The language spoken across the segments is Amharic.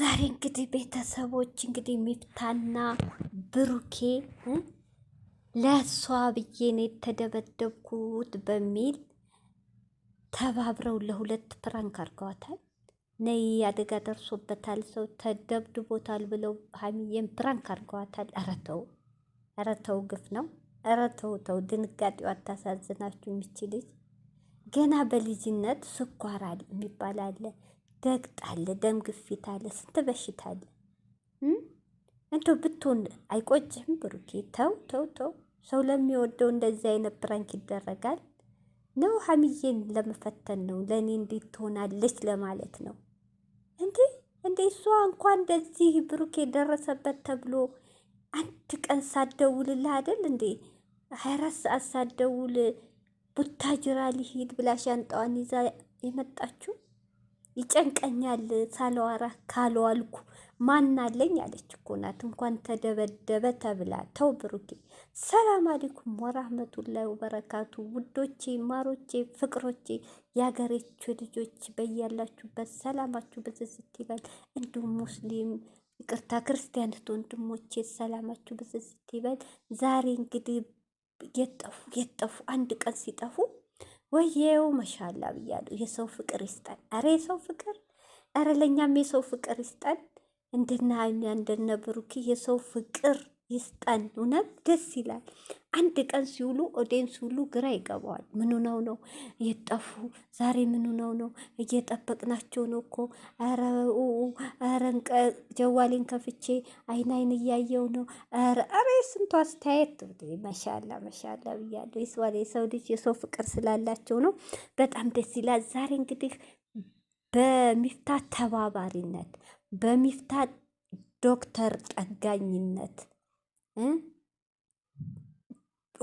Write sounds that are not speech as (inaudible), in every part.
ዛሬ እንግዲህ ቤተሰቦች እንግዲህ ሚፍታና ብሩኬ ለእሷ ብዬ ነው የተደበደብኩት በሚል ተባብረው ለሁለት ፕራንክ አድርገዋታል። ነይ አደጋ ደርሶበታል፣ ሰው ተደብድቦታል ብለው ሀሚዬን ፕራንክ አድርገዋታል። ኧረ ተው፣ ኧረ ተው፣ ግፍ ነው። ኧረ ተው ተው፣ ድንጋጤው አታሳዝናችሁ። የሚችልች ገና በልጅነት ስኳር የሚባል አለ ደግጥ አለ፣ ደም ግፊት አለ፣ ስንት በሽታ አለ። እንቶ ብትሆን አይቆጭህም? ብሩኬ ተው ተው ተው። ሰው ለሚወደው እንደዚህ አይነት ፕራንክ ይደረጋል ነው? ሀሚዬን ለመፈተን ነው፣ ለእኔ እንዴት ትሆናለች ለማለት ነው እንዴ? እንዴ እሷ እንኳን እንደዚህ ብሩኬ ደረሰበት ተብሎ አንድ ቀን ሳትደውልልህ አይደል እንዴ? ሀያ አራት ሰዓት ሳደውል ቡታጅራ ሊሄድ ብላ ሻንጣዋን ይዛ የመጣችው ይጨንቀኛል ሳላወራ ካልዋልኩ ማናለኝ አለች እኮ ናት። እንኳን ተደበደበ ተብላ ተው ብሩኬ። ሰላም አለይኩም ወራህመቱላሂ ወበረካቱ። ውዶቼ፣ ማሮቼ፣ ፍቅሮቼ የሀገሬቹ ልጆች በያላችሁበት ሰላማችሁ ብዝዝት ይበል። እንዲሁም ሙስሊም ይቅርታ ክርስቲያን ወንድሞቼ ሰላማችሁ ብዝዝት ይበል። ዛሬ እንግዲህ የጠፉ የጠፉ አንድ ቀን ሲጠፉ ወየው መሻላ ብያለሁ። የሰው ፍቅር ይስጠን። አረ የሰው ፍቅር፣ አረ ለእኛም የሰው ፍቅር ይስጠን። እንደነ ሀይሚያ እንደነ ብሩኪ የሰው ፍቅር ይስጠን። እውነት ደስ ይላል። አንድ ቀን ሲውሉ ኦዴንስ ሁሉ ግራ ይገባዋል። ምኑ ነው ነው የጠፉ ዛሬ ምኑ ነው ነው እየጠበቅናቸው ነው እኮ ረ ጀዋሌን ከፍቼ አይን አይን እያየው ነው ረ ስንቱ አስተያየት መሻላ መሻላ ብያለሁ። የሰው ልጅ የሰው ፍቅር ስላላቸው ነው። በጣም ደስ ይላል። ዛሬ እንግዲህ በሚፍታ ተባባሪነት በሚፍታ ዶክተር ጠጋኝነት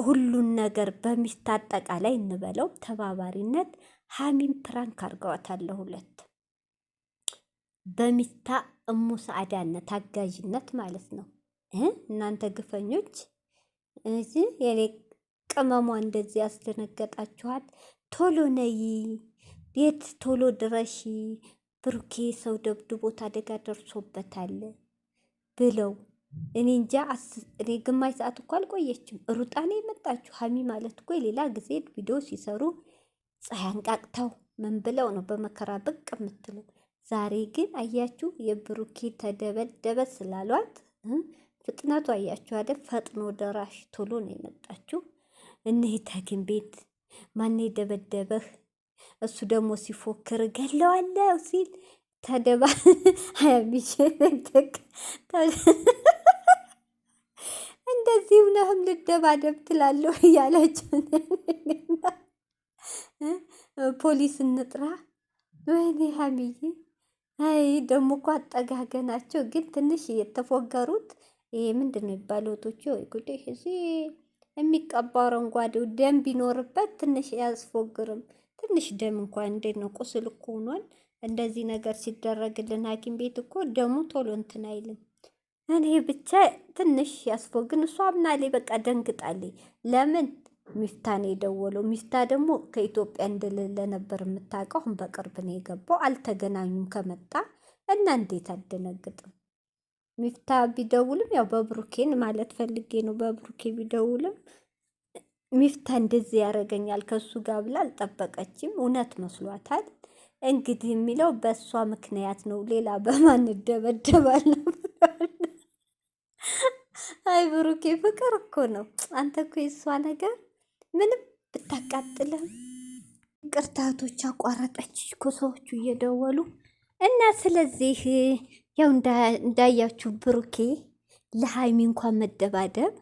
ሁሉን ነገር በሚስት አጠቃላይ እንበለው ተባባሪነት ሀሚን ፕራንክ አድርገዋታል። ሁለት በሚስታ እሙ ሰዓዳነት አጋዥነት ማለት ነው። እናንተ ግፈኞች እዚ የኔ ቅመሟ እንደዚህ ያስደነገጣችኋል። ቶሎ ነይ ቤት ቶሎ ድረሺ፣ ብሩኬ ሰው ደብድቦት አደጋ ደርሶበታል ብለው እኔ እንጃ እኔ ግማሽ ሰዓት እኮ አልቆየችም፣ ሩጣኔ የመጣችሁ። ሀሚ ማለት እኮ የሌላ ጊዜ ቪዲዮ ሲሰሩ ፀሐይ አንቃቅተው ምን ብለው ነው በመከራ ብቅ የምትሉ። ዛሬ ግን አያችሁ የብሩኬ ተደበደበ ስላሏት ፍጥነቱ አያችሁ አይደል? ፈጥኖ ደራሽ ቶሎ ነው የመጣችሁ። እኔ ተግን ቤት ማን የደበደበህ? እሱ ደግሞ ሲፎክር ገለዋለው ሲል ተደባ (laughs) ሚሽ እንደዚህ ነህም ልደባደብ ትላለሁ እያለች ፖሊስ እንጥራ። ወይኔ ሀሚዬ አይ ደሞ እኮ አጠጋገናቸው ግን ትንሽ የተፎገሩት ይሄ ምንድን ነው የሚባለው? ቶቹ ወይ ጉዴ! እዚህ የሚቀባው አረንጓዴው ደም ቢኖርበት ትንሽ አያስፎግርም። ትንሽ ደም እንኳን እንዴት ነው ቁስል እኮ ሆኗል። እንደዚህ ነገር ሲደረግልን ሐኪም ቤት እኮ ደሙ ቶሎ እንትን አይልም። እኔ ብቻ ትንሽ ያስፎ ግን እሷ አምናለች። በቃ ደንግጣለች። ለምን ሚፍታን የደወለው ሚፍታ ደግሞ ከኢትዮጵያ እንደሌለ ነበር የምታውቀው። አሁን በቅርብ ነው የገባው። አልተገናኙም ከመጣ እና እንዴት አደነግጥም? ሚፍታ ቢደውልም ያው በብሩኬን ማለት ፈልጌ ነው። በብሩኬ ቢደውልም ሚፍታ እንደዚህ ያደርገኛል ከሱ ጋር ብላ አልጠበቀችም። እውነት መስሏታል። እንግዲህ የሚለው በእሷ ምክንያት ነው። ሌላ በማን ደበደባል? አይ ብሩኬ ፍቅር እኮ ነው። አንተ እኮ የእሷ ነገር ምንም ብታቃጥልም ቅርታቶች አቋረጠች እኮ ሰዎቹ እየደወሉ እና ስለዚህ ያው እንዳያችሁ ብሩኬ ለሀይሚ እንኳን መደባደብ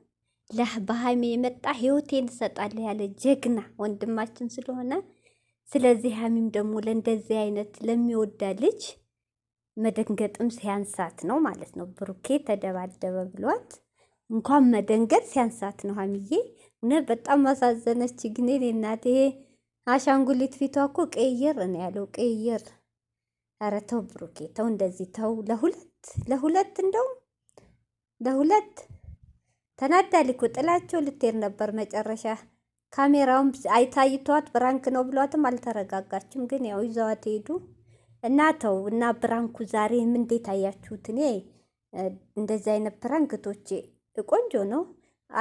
በሀይሜ የመጣ ህይወቴን እሰጣለሁ ያለ ጀግና ወንድማችን ስለሆነ ስለዚህ ሀሚም ደግሞ ለእንደዚህ አይነት ለሚወዳ ልጅ መደንገጥም ሲያንሳት ነው ማለት ነው። ብሩኬ ተደባደበ ብሏት እንኳን መደንገጥ ሲያንሳት ነው ሀሚዬ። እውነት በጣም አሳዘነች። ግን እናቴ አሻንጉሊት ፊቷ እኮ ቀየር ነው ያለው ቀየር። ኧረ ተው ብሩኬ ተው እንደዚህ ተው። ለሁለት ለሁለት እንደው ለሁለት ተናዳል እኮ ጥላቸው ልትሄድ ነበር። መጨረሻ ካሜራውን አይታይቷት ብራንክ ነው ብሏትም አልተረጋጋችም። ግን ያው ይዘዋት ሄዱ እና ተው እና ብራንኩ ዛሬም እንዴት አያችሁት? እኔ እንደዚህ አይነት ብራንክቶቼ ቆንጆ ነው።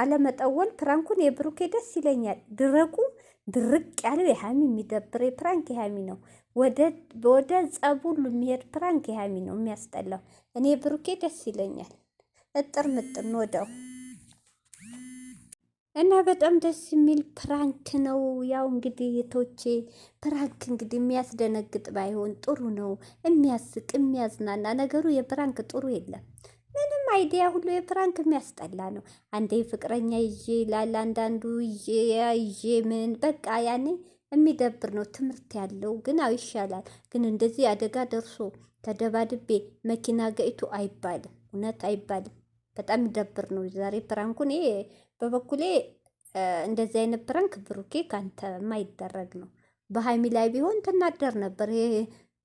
አለመጠወል ፕራንኩን የብሩኬ ደስ ይለኛል። ድረቁ ድርቅ ያለው የሀሚ የሚደብር ፕራንክ የሀሚ ነው። ወደ ጸቡ ሁሉ የሚሄድ ፕራንክ የሃሚ ነው የሚያስጠላው። እኔ ብሩኬ ደስ ይለኛል። እጥር ምጥን ወደው እና በጣም ደስ የሚል ፕራንክ ነው። ያው እንግዲህ የቶቼ ፕራንክ እንግዲህ የሚያስደነግጥ ባይሆን ጥሩ ነው። የሚያስቅ የሚያዝናና ነገሩ የፕራንክ ጥሩ የለም። ምንም አይዲያ ሁሉ የፕራንክ የሚያስጠላ ነው። አንዴ ፍቅረኛ ይዤ ይላል፣ አንዳንዱ ይዤ ምን በቃ ያኔ የሚደብር ነው። ትምህርት ያለው ግን አው ይሻላል። ግን እንደዚህ አደጋ ደርሶ ተደባድቤ መኪና ገይቱ አይባልም፣ እውነት አይባልም። በጣም ይደብር ነው። ዛሬ ፕራንኩ እኔ በበኩሌ እንደዚህ አይነት ፕራንክ ብሩኬ ካንተ የማይደረግ ነው። በሀይሚ ላይ ቢሆን ትናደር ነበር። ይሄ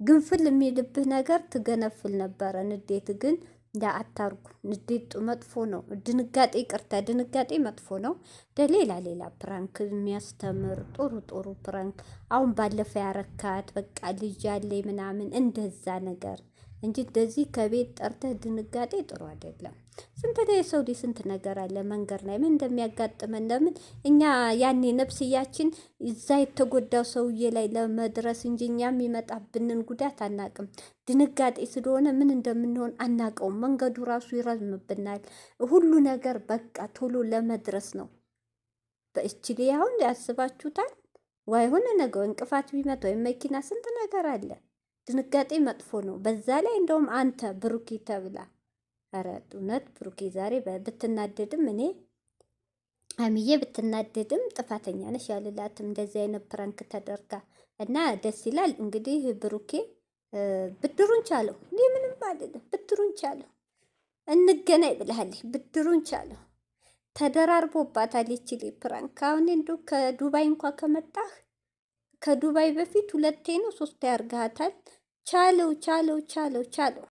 ግንፍል የሚልብህ ነገር ትገነፍል ነበረ። ንዴት ግን ያ አታርጉ። ንዴጡ መጥፎ ነው። ድንጋጤ ቅርታ ድንጋጤ መጥፎ ነው። ደሌላ ሌላ ፕራንክ የሚያስተምር ጥሩ ጥሩ ፕራንክ አሁን ባለፈ ያረካት በቃ ልጅ ያለ ምናምን እንደዛ ነገር እንጂ እንደዚህ ከቤት ጠርተህ ድንጋጤ ጥሩ አይደለም። ስንት ላይ ሰው ስንት ነገር አለ መንገድ ላይ ምን እንደሚያጋጥመን ለምን እኛ ያኔ ነፍስያችን እዛ የተጎዳው ሰውዬ ላይ ለመድረስ እንጂ እኛ የሚመጣብንን ጉዳት አናቅም። ድንጋጤ ስለሆነ ምን እንደምንሆን አናቀውም። መንገዱ ራሱ ይረዝምብናል። ሁሉ ነገር በቃ ቶሎ ለመድረስ ነው። በእችል አሁን ያስባችሁታል። ዋይሆነ ነገር እንቅፋት ቢመጣ ወይም መኪና ስንት ነገር አለ። ድንጋጤ መጥፎ ነው። በዛ ላይ እንደውም አንተ ብሩኪ ተብላ ኧረ እውነት ብሩኪ ዛሬ ብትናደድም እኔ አሚዬ ብትናደድም ጥፋተኛ ነሽ ያልላትም እንደዚህ አይነት ፕራንክ ተደርጋ እና ደስ ይላል። እንግዲህ ብሩኬ ብድሩን ቻለሁ እኔ ምንም አይደለም። ብድሩን ቻለሁ እንገናኝ ብላለች። ብድሩን ቻለሁ ተደራርቦባታል ይችል ፕራንክ። አሁን እንዱ ከዱባይ እንኳ ከመጣህ ከዱባይ በፊት ሁለቴ ነው ሶስቴ አርጋታል። ቻለው ቻለው ቻለው ቻለው